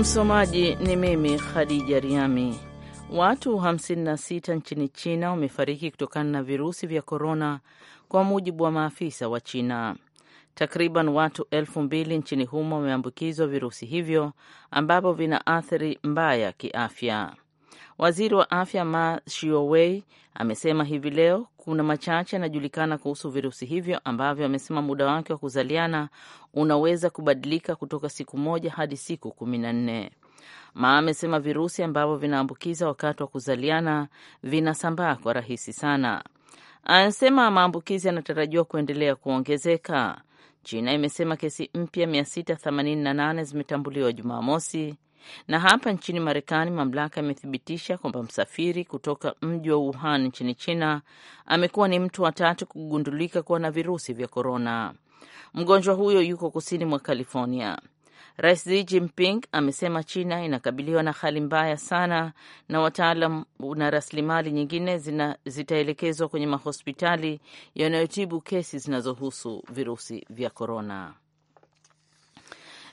Msomaji ni mimi Khadija Riami. Watu 56 nchini China wamefariki kutokana na virusi vya korona, kwa mujibu wa maafisa wa China. Takriban watu elfu mbili nchini humo wameambukizwa virusi hivyo, vina athari mbaya kiafya. Waziri wa afya Ma Shiowei amesema hivi leo kuna machache yanajulikana kuhusu virusi hivyo ambavyo amesema muda wake wa kuzaliana unaweza kubadilika kutoka siku moja hadi siku kumi na nne. Ma amesema virusi ambavyo vinaambukiza wakati wa kuzaliana vinasambaa kwa rahisi sana. Anasema maambukizi yanatarajiwa kuendelea kuongezeka. China imesema kesi mpya 688 zimetambuliwa Jumamosi, na hapa nchini Marekani, mamlaka imethibitisha kwamba msafiri kutoka mji wa Wuhan nchini China amekuwa ni mtu wa tatu kugundulika kuwa na virusi vya korona. Mgonjwa huyo yuko kusini mwa California. Rais Xi Jinping amesema China inakabiliwa na hali mbaya sana, na wataalam na rasilimali nyingine zitaelekezwa kwenye mahospitali yanayotibu kesi zinazohusu virusi vya korona.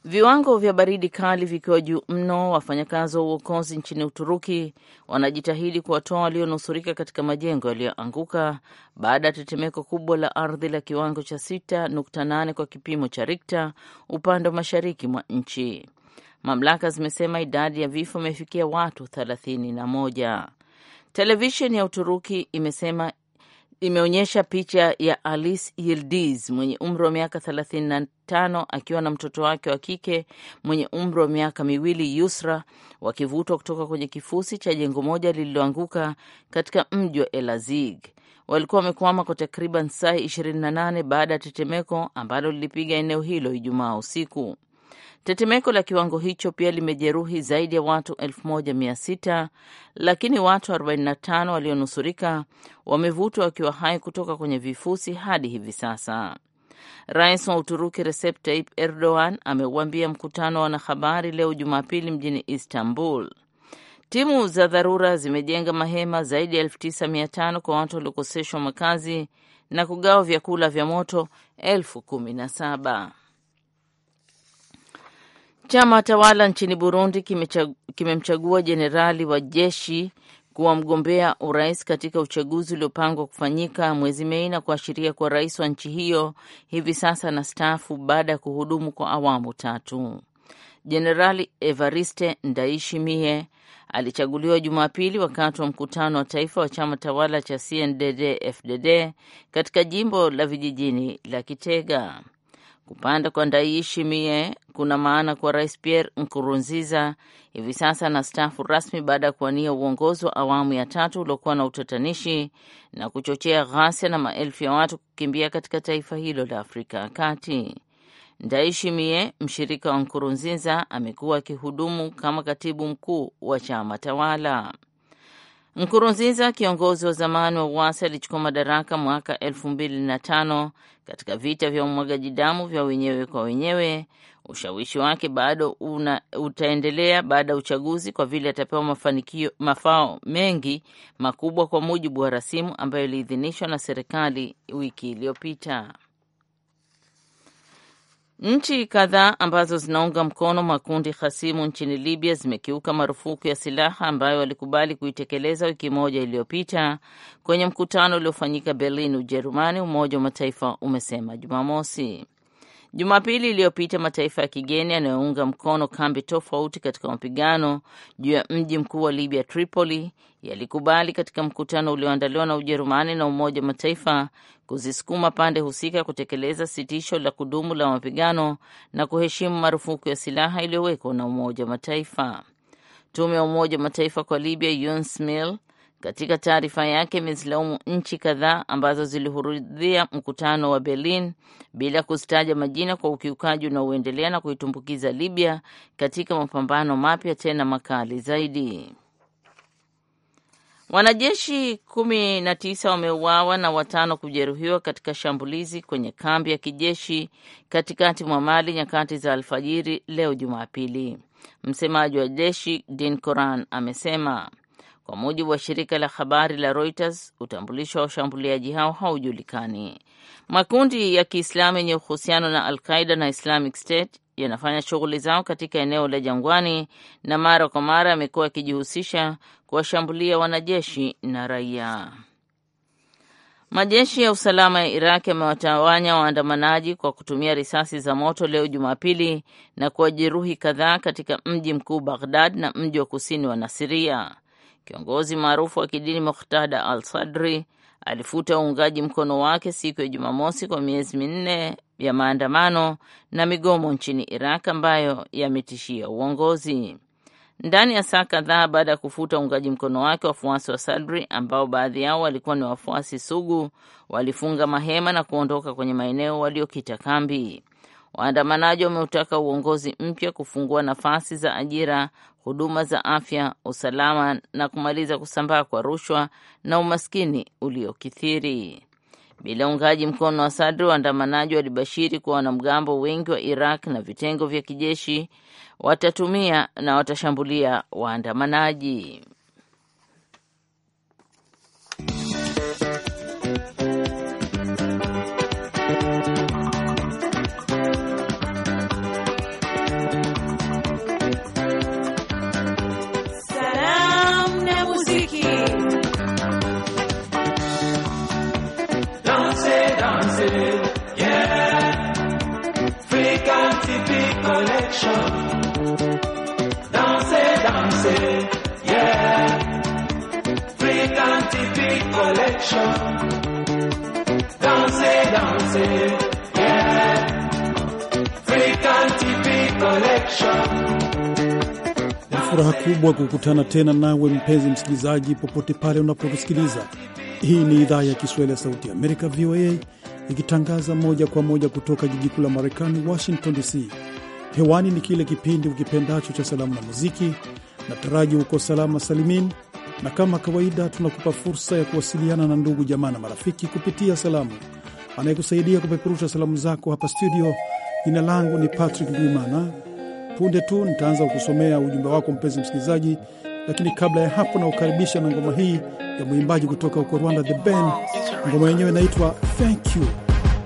Viwango vya baridi kali vikiwa juu mno, wafanyakazi wa uokozi nchini Uturuki wanajitahidi kuwatoa walionusurika katika majengo yaliyoanguka baada ya tetemeko kubwa la ardhi la kiwango cha 6.8 kwa kipimo cha rikta upande wa mashariki mwa nchi. Mamlaka zimesema idadi ya vifo imefikia watu 31. Televisheni ya Uturuki imesema imeonyesha picha ya Alice Yildiz mwenye umri wa miaka 35 akiwa na mtoto wake wa kike mwenye umri wa miaka miwili Yusra wakivutwa kutoka kwenye kifusi cha jengo moja lililoanguka katika mji wa Elazig. Walikuwa wamekwama kwa takriban saa 28 baada ya tetemeko ambalo lilipiga eneo hilo Ijumaa usiku. Tetemeko la kiwango hicho pia limejeruhi zaidi ya watu 1600 lakini watu 45 walionusurika wamevutwa wakiwa hai kutoka kwenye vifusi hadi hivi sasa. Rais wa Uturuki Recep Tayyip Erdogan ameuambia mkutano wa wanahabari leo Jumapili mjini Istanbul. Timu za dharura zimejenga mahema zaidi ya 9500 kwa watu waliokoseshwa makazi na kugawa vyakula vya moto elfu kumi na saba. Chama tawala nchini Burundi kimemchagua kime jenerali wa jeshi kuwa mgombea urais katika uchaguzi uliopangwa kufanyika mwezi Mei na kuashiria kuwa rais wa nchi hiyo hivi sasa na stafu baada ya kuhudumu kwa awamu tatu. Jenerali Evariste Ndayishimiye alichaguliwa Jumapili wakati wa mkutano wa taifa wa chama tawala cha CNDD-FDD katika jimbo la vijijini la Kitega. Kupanda kwa Ndayishimiye kuna maana kwa Rais Pierre Nkurunziza hivi sasa anastaafu rasmi baada ya kuwania uongozi wa awamu ya tatu uliokuwa na utatanishi na kuchochea ghasia na maelfu ya watu kukimbia katika taifa hilo la Afrika ya Kati. Ndayishimiye, mshirika wa Nkurunziza, amekuwa akihudumu kama katibu mkuu wa chama tawala. Nkurunziza, kiongozi wa zamani wa uasi, alichukua madaraka mwaka elfu mbili na tano katika vita vya umwagaji damu vya wenyewe kwa wenyewe. Ushawishi wake bado una, utaendelea baada ya uchaguzi kwa vile atapewa mafanikio, mafao mengi makubwa kwa mujibu wa rasimu ambayo iliidhinishwa na serikali wiki iliyopita. Nchi kadhaa ambazo zinaunga mkono makundi hasimu nchini Libya zimekiuka marufuku ya silaha ambayo walikubali kuitekeleza wiki moja iliyopita kwenye mkutano uliofanyika Berlin, Ujerumani, Umoja wa Mataifa umesema Jumamosi. Jumapili iliyopita mataifa ya kigeni yanayounga mkono kambi tofauti katika mapigano juu ya mji mkuu wa Libya, Tripoli, yalikubali katika mkutano ulioandaliwa na Ujerumani na Umoja wa Mataifa kuzisukuma pande husika kutekeleza sitisho la kudumu la mapigano na kuheshimu marufuku ya silaha iliyowekwa na Umoja wa Mataifa. Tume ya Umoja wa Mataifa kwa Libya, UNSMIL, katika taarifa yake imezilaumu nchi kadhaa ambazo zilihudhuria mkutano wa Berlin bila kuzitaja majina kwa ukiukaji unaoendelea na kuitumbukiza Libya katika mapambano mapya tena makali zaidi. Wanajeshi kumi na tisa wameuawa na watano kujeruhiwa katika shambulizi kwenye kambi ya kijeshi katikati mwa Mali nyakati za alfajiri leo Jumapili. Msemaji wa jeshi Din Coran amesema kwa mujibu wa shirika la habari la Reuters, utambulisho wa washambuliaji hao haujulikani. Makundi ya Kiislamu yenye uhusiano na Al-Qaida na Islamic State yanafanya shughuli zao katika eneo la jangwani na mara kwa mara yamekuwa yakijihusisha kuwashambulia wanajeshi na raia. Majeshi ya usalama ya Iraq yamewatawanya waandamanaji kwa kutumia risasi za moto leo Jumapili na kuwajeruhi kadhaa katika mji mkuu Baghdad na mji wa kusini wa Nasiria. Kiongozi maarufu wa kidini Muqtada al Sadri alifuta uungaji mkono wake siku ya Jumamosi kwa miezi minne ya maandamano na migomo nchini Iraq ambayo yametishia uongozi. Ndani ya saa kadhaa baada ya kufuta uungaji mkono wake, wafuasi wa Sadri ambao baadhi yao walikuwa ni wafuasi sugu walifunga mahema na kuondoka kwenye maeneo waliokita kambi. Waandamanaji wameutaka uongozi mpya kufungua nafasi za ajira, huduma za afya, usalama na kumaliza kusambaa kwa rushwa na umaskini uliokithiri. Bila uungaji mkono wa Sadri, waandamanaji walibashiri kuwa wanamgambo wengi wa Iraq na vitengo vya kijeshi watatumia na watashambulia waandamanaji. collection. Dansez, dansez, yeah. TV collection. Ni furaha kubwa kukutana tena nawe mpenzi msikilizaji, popote pale unapotusikiliza. Hii ni idhaa ya Kiswahili ya Sauti ya Amerika, VOA, ikitangaza moja kwa moja kutoka jiji kuu la Marekani, Washington DC. Hewani ni kile kipindi ukipendacho cha salamu na muziki. Nataraji uko salama salimin na kama kawaida tunakupa fursa ya kuwasiliana na ndugu jamaa na marafiki kupitia salamu. Anayekusaidia kupeperusha salamu zako hapa studio, jina langu ni Patrick Ndwimana. Punde tu nitaanza kukusomea ujumbe wako mpenzi msikilizaji, lakini kabla ya hapo, naukaribisha na ngoma hii ya mwimbaji kutoka huko Rwanda, The Ben. Ngoma yenyewe inaitwa thank you.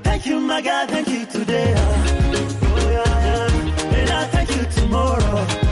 Thank you my God, thank you today. Oh, yeah, yeah. And I thank you tomorrow.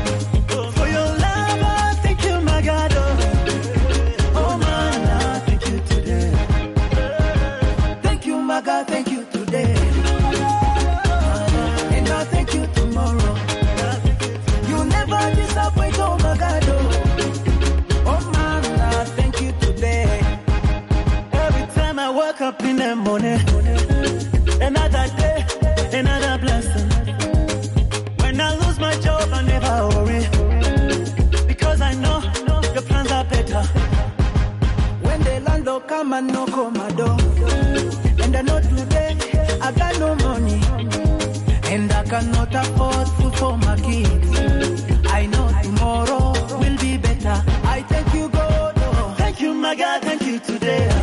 cannot afford food for my kids. I know tomorrow will be better. I thank you, God. Thank you, my God. Thank you today.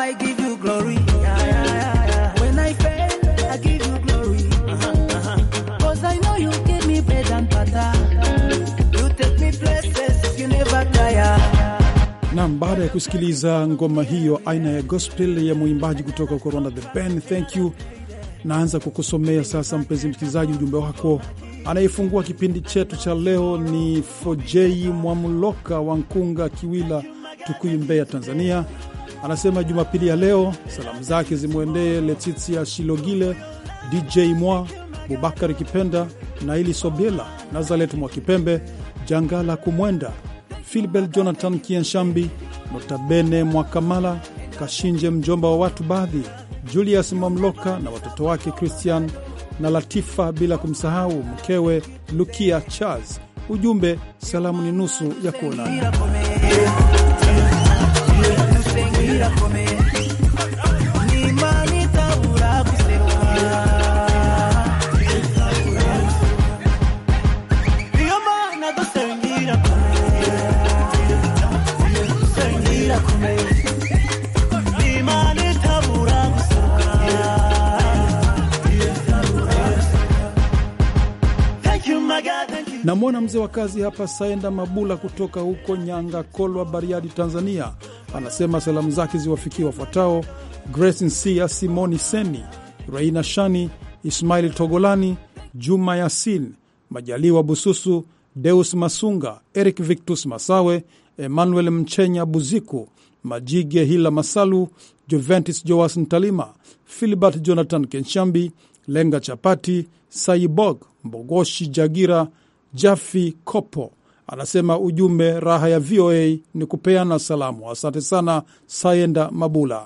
Nam, uh-huh. baada ya kusikiliza ngoma hiyo aina ya gospel ya mwimbaji kutoka huko Rwanda, The Ben, thank you. Naanza kukusomea sasa, mpenzi msikilizaji, ujumbe wako. Anayefungua kipindi chetu cha leo ni Fojei wa nkunga Kiwila, Tukuyu, Mbeya, Tanzania. Anasema Jumapili ya leo salamu zake zimwendee Letitia Shilogile, DJ Mwa, Bubakari Kipenda, Naili Sobiela, Nazaret Mwakipembe, Jangala Kumwenda, Filbel Jonathan Kienshambi, Notabene Mwakamala, Kashinje mjomba wa watu baadhi, Julius Mamloka na watoto wake Christian na Latifa, bila kumsahau mkewe Lukia Charles. Ujumbe, salamu ni nusu ya kuonana. Namwona mzee wa kazi hapa Saenda Mabula kutoka huko Nyangakolwa, Bariadi, Tanzania, anasema salamu zake ziwafikie wafuatao: Grace Nsia, Simoni Seni, Raina Shani, Ismail Togolani, Juma Yasin, Majaliwa Bususu, Deus Masunga, Eric Victus Masawe, Emmanuel Mchenya Buziku, Majige Hila Masalu, Juventus Joas Ntalima, Filibert Jonathan Kenshambi, Lenga Chapati, Saibog Mbogoshi, Jagira Jafi Kopo, Anasema ujumbe raha ya VOA ni kupeana salamu. Asante sana Sayenda Mabula.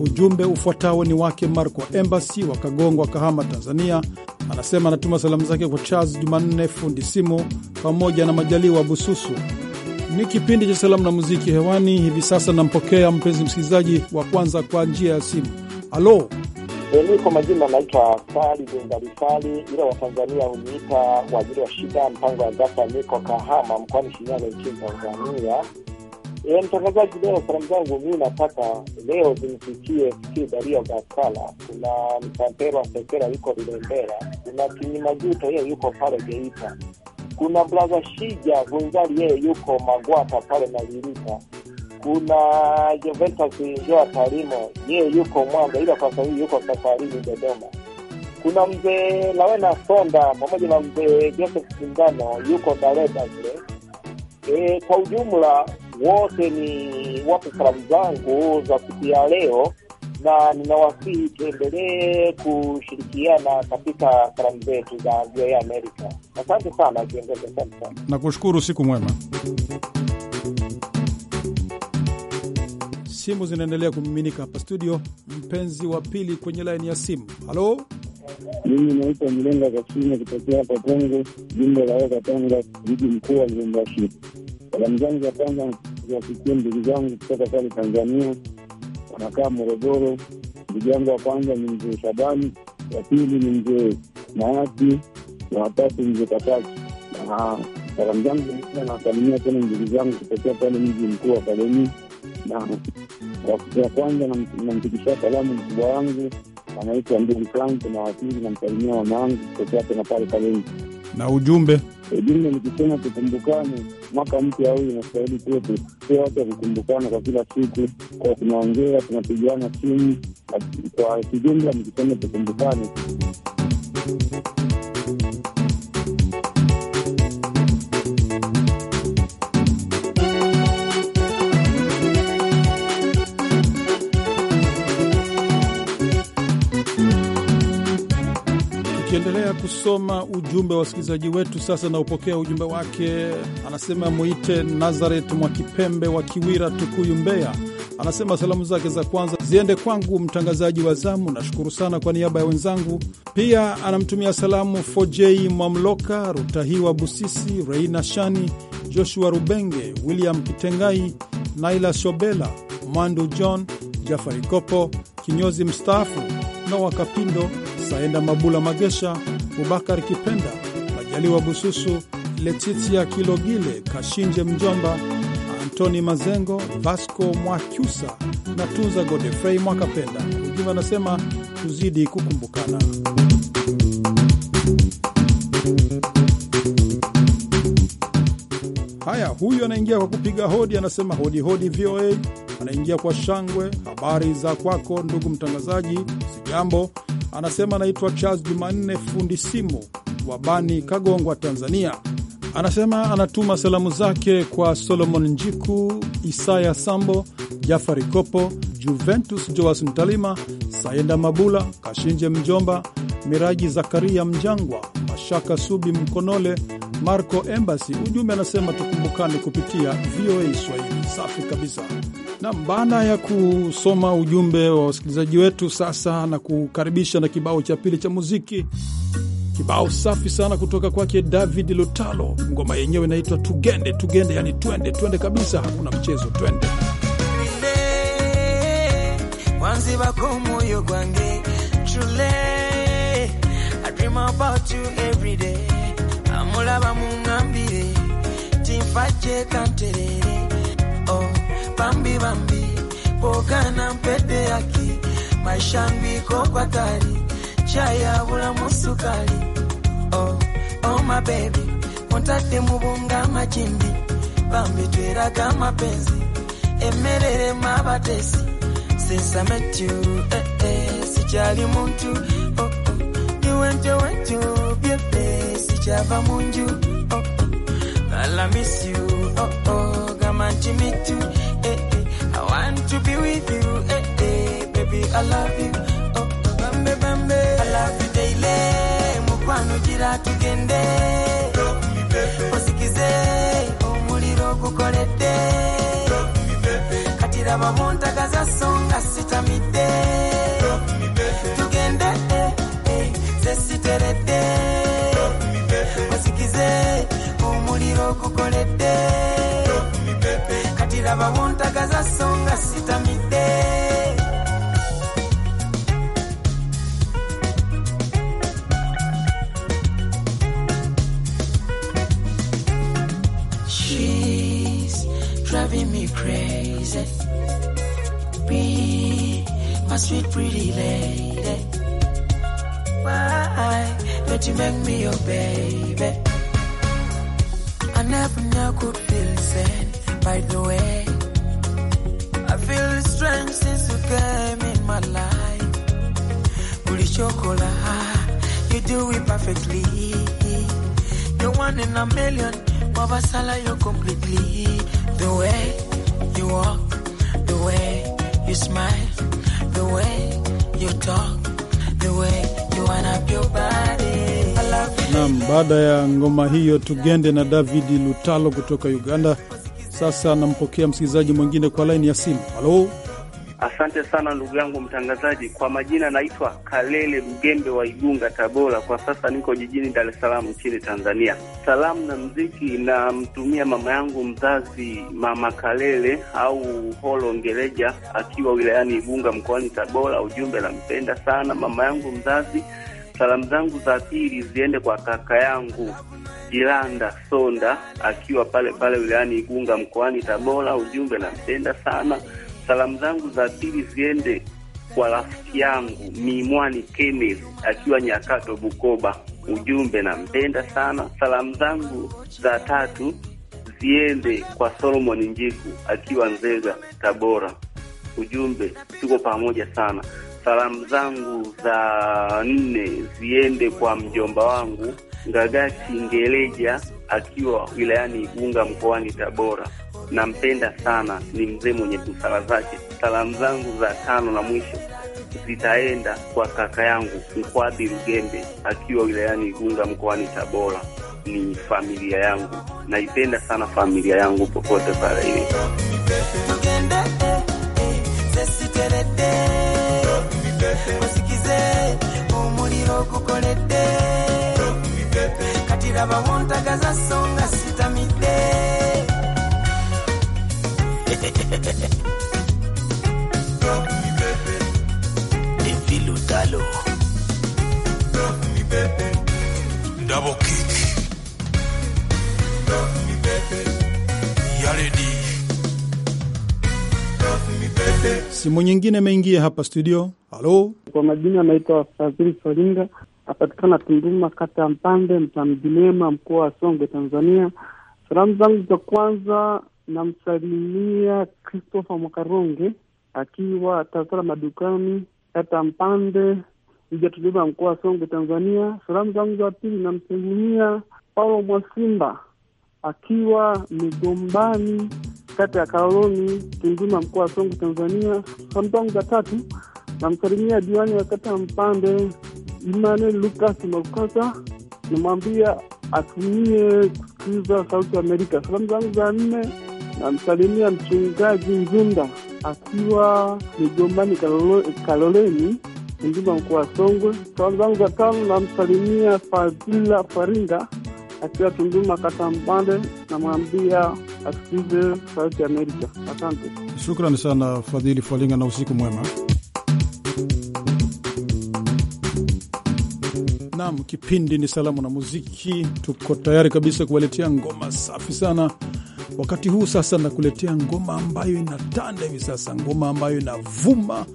Ujumbe ufuatao ni wake Marco Embassy wa Kagongwa, Kahama, Tanzania. Anasema anatuma salamu zake kwa Charles Jumanne fundi simu pamoja na Majaliwa Bususu. Ni kipindi cha salamu na muziki hewani hivi sasa. Nampokea mpenzi msikilizaji wa kwanza kwa njia ya simu. Halo. Mimi kwa majina naitwa Sali Dendali Sali, ila Watanzania huniita wajili wa shida, mpango wa data Niko Kahama mkoani Shinyanga nchini Tanzania. E, mtangazaji, leo salamu zangu mimi nataka leo zimfikie Fikiri Dario Gakala, kuna Mtampero Sekera yuko Lilembela, kuna Kinyimajuto yeye yuko pale Geita, kuna blaza Shija Gunzali yeye yuko Magwata pale na Lilita kuna Juventus Njoa Tarimo, yeye yuko Mwanga, ila kwa sababu yuko safarini Dodoma. Kuna mzee Lawena Sonda pamoja na mzee Joseph Sindano yuko Dareda vile. E, kwa ujumla wote ni wapo salamu zangu za siku ya leo, na ninawasihi tuendelee kushirikiana katika salamu zetu za VOA Amerika. Asante sana kiongozi, asante sana, nakushukuru. Siku mwema. simu zinaendelea kumiminika hapa studio. Mpenzi wa pili kwenye laini ya simu, halo. Mimi naitwa Mlenga Kasini, kutokea hapa Kongo, jimbo la Katanga, mji mkuu wa Lubumbashi. Salamu zangu za kwanza ziwafikie ndugu zangu kutoka pale Tanzania, wanakaa Morogoro. Ndugu yangu wa kwanza ni mzee Shabani, wa pili ni mzee Maati na watatu mzee Kataki. Na salamu zangu nawasalimia tena ndugu zangu kutokea pale mji mkuu wa Kalemi na ya kwanza nampigisha salamu mkubwa wangu anaitwa ndugu Frank na Wasili, namsalimia mama wangu koteake pale pale na ujumbe ujumbe nikisema tukumbukane. Mwaka mpya huu inastahili kuwe tuwe watu wakukumbukana kwa kila siku, kwa tunaongea, tunapigiana simu. Kwa kijumla nikisema tukumbukane. Naendelea kusoma ujumbe wa wasikilizaji wetu sasa. Naupokea ujumbe wake, anasema mwite Nazaret Mwakipembe wa Kiwira, Tukuyu, Mbeya. Anasema salamu zake za kwanza ziende kwangu mtangazaji wa zamu, nashukuru sana kwa niaba ya wenzangu. Pia anamtumia salamu Fojei Mwamloka, Rutahiwa Busisi, Reina Shani, Joshua Rubenge, William Kitengai, Naila Shobela, Mwandu John, Jafari Kopo kinyozi mstaafu, Noa Kapindo Saenda Mabula Magesha, Bubakar Kipenda, Majaliwa Bususu, Letitia Kilogile, Kashinje Mjomba, Antoni Mazengo, Vasco Mwakyusa na tunza Godefrey Mwakapenda. Ujumbe anasema tuzidi kukumbukana. Haya, huyu anaingia kwa kupiga hodi, anasema hodi hodi VOA. Anaingia kwa shangwe. Habari za kwako ndugu mtangazaji? jambo anasema anaitwa Charles Jumanne, fundi simu wa Bani, Kagongwa, Tanzania. Anasema anatuma salamu zake kwa Solomon Njiku, Isaya Sambo, Jafari Kopo, Juventus Joas Mtalima, Sayenda Mabula, Kashinje Mjomba, Miraji Zakaria Mjangwa, Mashaka Subi Mkonole, Marco Embassy. Ujumbe anasema tukumbukane kupitia VOA Swahili. Safi kabisa. Nam, baada ya kusoma ujumbe wa wasikilizaji wetu, sasa na kukaribisha na kibao cha pili cha muziki, kibao safi sana kutoka kwake David Lutalo. Ngoma yenyewe inaitwa Tugende Tugende, yani twende twende kabisa, hakuna mchezo, twende Oh bambi bambi mboga na mpete yaki maisha yangu iko kwa tari chai ya bulamu sukali oh, oh my baby muntate mubunga majimbi bambi tweraga mapenzi emerere mabatesi since I met you eh, eh, sichali muntu oh, oh. niwe nje wetu byepe sichava munju oh, oh. I miss you oh, oh. gamanchimitu want to be with you. Hey, eh, eh. hey, baby, I love you. Oh, bambe, bambe. I love you daily. Mukwano jira tugende. Love me, baby. Osikize, omuliro gukoledde. Love me, baby. Kati laba muntagaza so nga sitamidde. Love me, baby. Tugende, hey, eh, hey, ze siteredde. Love me, baby. Osikize, omuliro gukoledde. Love me, baby. Kati laba muntagaza so na sita She's driving me crazy Be my sweet pretty lady Why don't you make me your baby I never know could feel sad by the way chocolate. You do it perfectly. You're one in a million. Baba Sala, you completely. The way you walk, the way you smile, the way you talk, the way you wind up your body. Naam, baada ya ngoma hiyo tugende na David Lutalo kutoka Uganda. Sasa anampokea msikilizaji mwingine kwa laini ya simu. Halo. Asante sana ndugu yangu mtangazaji. Kwa majina naitwa Kalele Mgembe wa Igunga, Tabora. Kwa sasa niko jijini Dar es Salaam nchini Tanzania. Salamu na mziki namtumia mama yangu mzazi, mama Kalele au Holo ngereja akiwa wilayani Igunga mkoani Tabora. Ujumbe, nampenda sana mama yangu mzazi. Salamu zangu za pili ziende kwa kaka yangu Jilanda Sonda, akiwa pale pale wilayani Igunga mkoani Tabora. Ujumbe, nampenda sana Salamu zangu za pili ziende kwa rafiki yangu Mimwani Kenneth akiwa Nyakato, Bukoba. Ujumbe, nampenda sana. Salamu zangu za tatu ziende kwa Solomon Njiku akiwa Nzega, Tabora. Ujumbe, tuko pamoja sana. Salamu zangu za nne ziende kwa mjomba wangu Ngagati Ngeleja akiwa wilayani Igunga mkoani Tabora nampenda sana, ni mzee mwenye busara zake. Salamu zangu za tano na mwisho zitaenda kwa kaka yangu Mkwadi Rugembe akiwa wilayani Igunga mkoani Tabora. Ni familia yangu, naipenda sana familia yangu popote pale ile katira songa sitamide Simu nyingine imeingia hapa studio. Halo, kwa majina anaitwa Fadhili Solinga, apatikana Tunduma, kata ya Mpande, mtaa mkoa wa Songwe, Tanzania. Salamu zangu za kwanza namsalimia Christopher Mwakaronge akiwa tasara Madukani, hata Mpande, ijatuliva mkoa wa Songwe, Tanzania. Salamu zangu za pili namsalimia Paulo Mwasimba akiwa Migombani, kata ya kaloni Tunduma, mkoa wa Songwe, Tanzania. Salamu zangu za tatu namsalimia diwani wa kata ya Mpande, Emmanuel Lukas Makukasa, namwambia atumie kusikiliza Sauti ya Amerika. Salamu zangu za nne Namsalimia mchungaji Nzunda akiwa Migombani Kaloleni, Tunduma, mkoa wa Songwe. Salamu zangu za tano namsalimia Fadhila Faringa akiwa Tunduma Katambande, namwambia asikize Sauti ya Amerika. Asante, shukrani sana Fadhili Faringa na usiku mwema. Nam, kipindi ni salamu na muziki. Tuko tayari kabisa kuwaletea ngoma safi sana Wakati huu sasa nakuletea ngoma ambayo inatanda hivi sasa, ngoma ambayo inavuma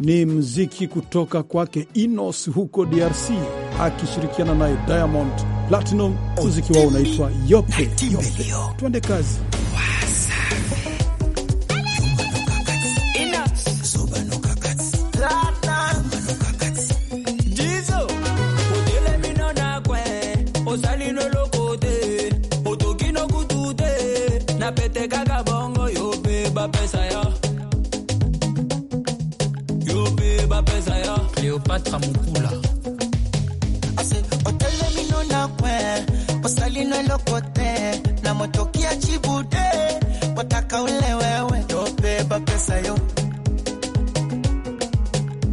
ni mziki kutoka kwake Inos huko DRC akishirikiana naye Diamond Platinum. Mziki wao unaitwa Yope Yope. Twende kazi. yo Cléopâtre à mon cou là. otelemino na kwe osalinwe lokote na motokia chibude wataka ule wewe yobeba pesa yo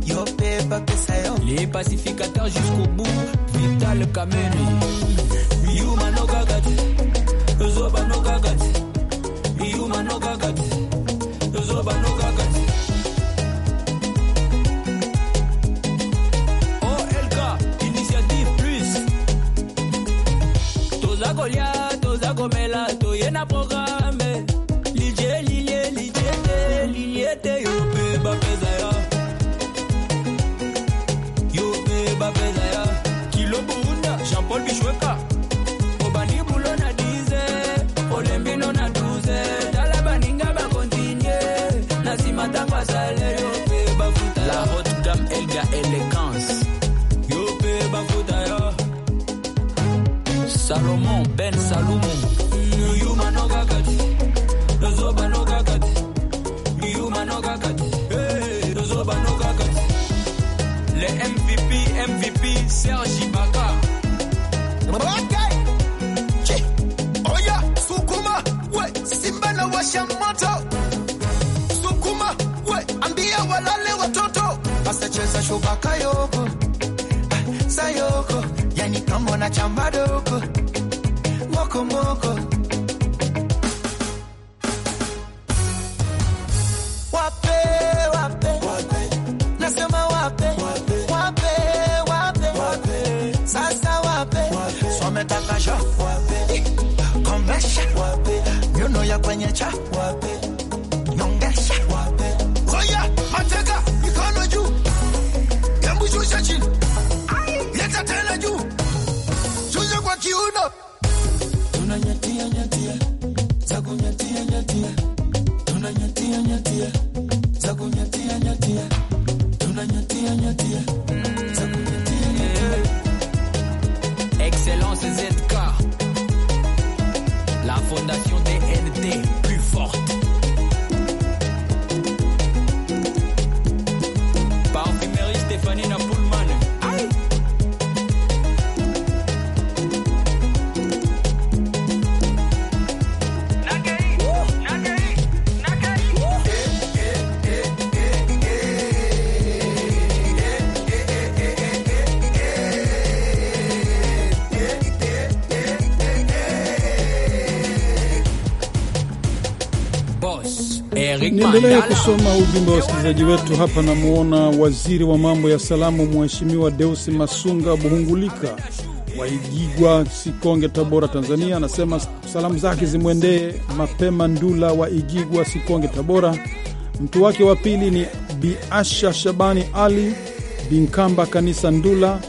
yobeba pesa yo les pacificateurs jusqu'au bout vital kameni yumanogagati Oh, toza kolia toza komela toye na poka Salomon Ben Salomon yuma no kakati nozoba no kakati yuma no kakati hey, nozoba no kakati le MVP MVP Serge Ibaka okay. oya sukuma we simba na washa moto sukuma we ambia walale watoto asacheza shubaka yoko ah, sayoko yani kama na chambado Niendelee kusoma ujumbe wa wasikilizaji wetu hapa. Namwona waziri wa mambo ya salamu Mheshimiwa Deusi Masunga Buhungulika Waigigwa, Sikonge, Tabora, Tanzania, anasema salamu zake zimwendee Mapema Ndula wa Igigwa, Sikonge, Tabora. Mtu wake wa pili ni Biasha Shabani Ali Binkamba, kanisa Ndula,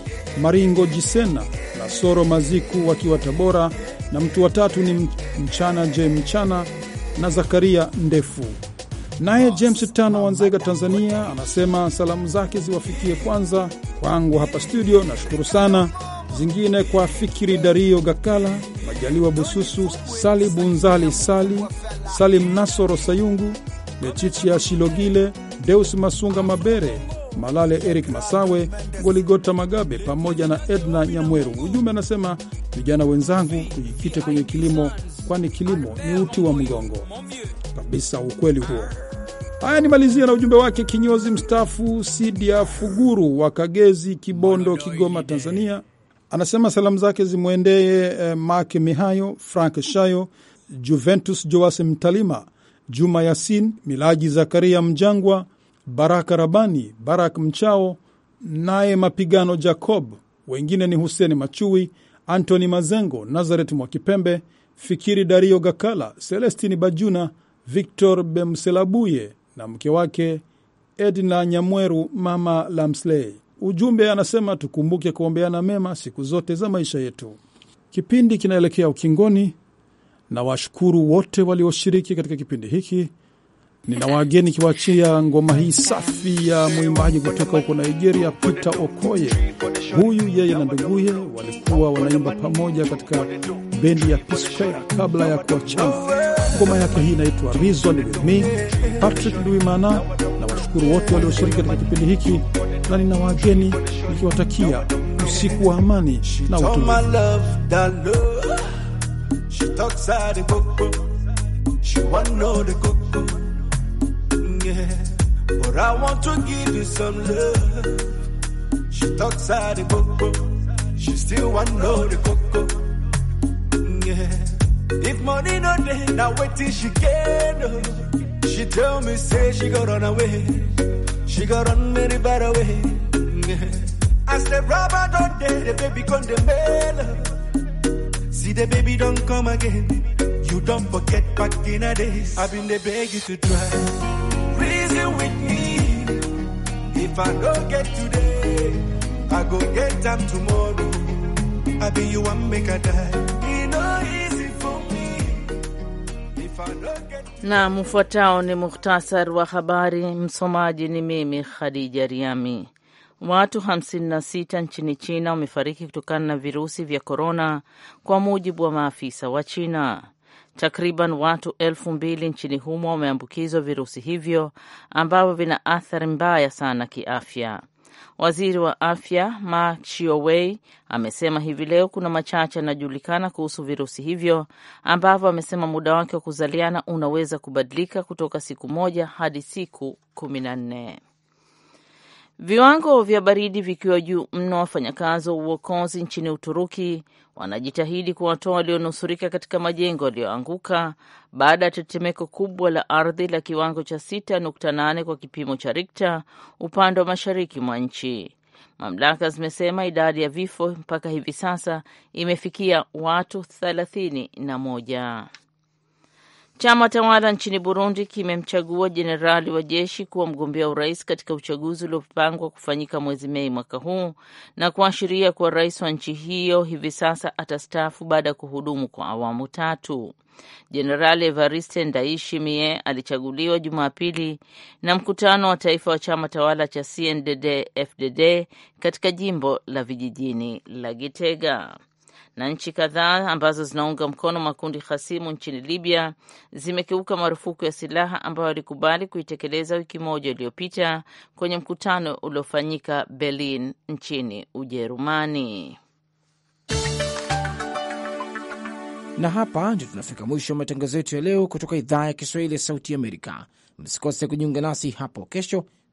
Maringo Jisena na Soro Maziku wakiwa Tabora, na mtu wa tatu ni Mchana Je Mchana na Zakaria Ndefu. Naye James Tano wa Nzega, Tanzania, anasema salamu zake ziwafikie kwanza kwangu hapa studio, nashukuru sana, zingine kwa Fikiri Dario Gakala, Majaliwa Bususu, Sali Bunzali, Sali Salim Nasoro Sayungu, Mechichi ya Shilogile, Deus Masunga Mabere Malale Eric Masawe, Goligota Magabe pamoja na Edna Nyamweru. Ujumbe anasema vijana wenzangu, tujikite kwenye kilimo, kwani kilimo ni uti wa mgongo kabisa. Ukweli huo. Haya, nimalizia na ujumbe wake kinyozi mstaafu Sidia Fuguru wa Kagezi, Kibondo, Kigoma, Tanzania. Anasema salamu zake zimwendee eh, Mak Mihayo, Frank Shayo, Juventus Joas Mtalima, Juma Yasin, Milaji Zakaria Mjangwa Baraka Rabani, Barak Mchao, naye Mapigano Jacob. Wengine ni Huseni Machui, Antony Mazengo, Nazaret Mwakipembe, Fikiri Dario Gakala, Celestini Bajuna, Victor Bemselabuye na mke wake Edna Nyamweru, mama Lamsley. Ujumbe anasema tukumbuke kuombeana mema siku zote za maisha yetu. Kipindi kinaelekea ukingoni, na washukuru wote walioshiriki katika kipindi hiki Nina wageni kiwaachia ngoma hii safi ya mwimbaji kutoka huko Nigeria, Peter Okoye. Huyu yeye na nduguye walikuwa wanaimba pamoja katika bendi ya P kabla ya kuachana. Ngoma yake hii inaitwa Reason With Me. Patrick Duimana na washukuru wote walioshiriki katika kipindi hiki, na nina wageni nikiwatakia usiku wa amani na utulivu. But I want to give you some love. She talks out the coco. She still want know the coco. Yeah. If money no day, now wait till she get up. She tell me, say she got run away. She got run very far away. Yeah. I said, rubber don't day, the baby come the mail. See the baby don't come again. You don't forget back in the days. I've been the baby to try. Reason with me. If I don't get today, I go get them tomorrow. I be you one make a die. Na mfuatao ni muhtasar wa habari. Msomaji ni mimi Khadija Riami. Watu 56 nchini China wamefariki kutokana na virusi vya korona, kwa mujibu wa maafisa wa China. Takriban watu elfu mbili nchini humo wameambukizwa virusi hivyo ambavyo vina athari mbaya sana kiafya. Waziri wa afya Ma Chiowei amesema hivi leo kuna machache yanajulikana kuhusu virusi hivyo ambavyo amesema muda wake wa kuzaliana unaweza kubadilika kutoka siku moja hadi siku kumi na nne. Viwango vya baridi vikiwa juu mno, wafanyakazi wa uokozi nchini Uturuki wanajitahidi kuwatoa walionusurika katika majengo yaliyoanguka baada ya tetemeko kubwa la ardhi la kiwango cha 6.8 kwa kipimo cha Rikta upande wa mashariki mwa nchi. Mamlaka zimesema idadi ya vifo mpaka hivi sasa imefikia watu thelathini na moja. Chama tawala nchini Burundi kimemchagua jenerali wa jeshi kuwa mgombea urais katika uchaguzi uliopangwa kufanyika mwezi Mei mwaka huu na kuashiria kuwa rais wa nchi hiyo hivi sasa atastaafu baada ya kuhudumu kwa awamu tatu. Jenerali Evariste Ndayishimiye alichaguliwa Jumapili na mkutano wa taifa wa chama tawala cha CNDD-FDD katika jimbo la vijijini la Gitega na nchi kadhaa ambazo zinaunga mkono makundi hasimu nchini Libya zimekiuka marufuku ya silaha ambayo walikubali kuitekeleza wiki moja iliyopita kwenye mkutano uliofanyika Berlin nchini Ujerumani. Na hapa ndio tunafika mwisho wa matangazo yetu ya leo kutoka idhaa ya Kiswahili ya Sauti Amerika. Msikose kujiunga nasi hapo kesho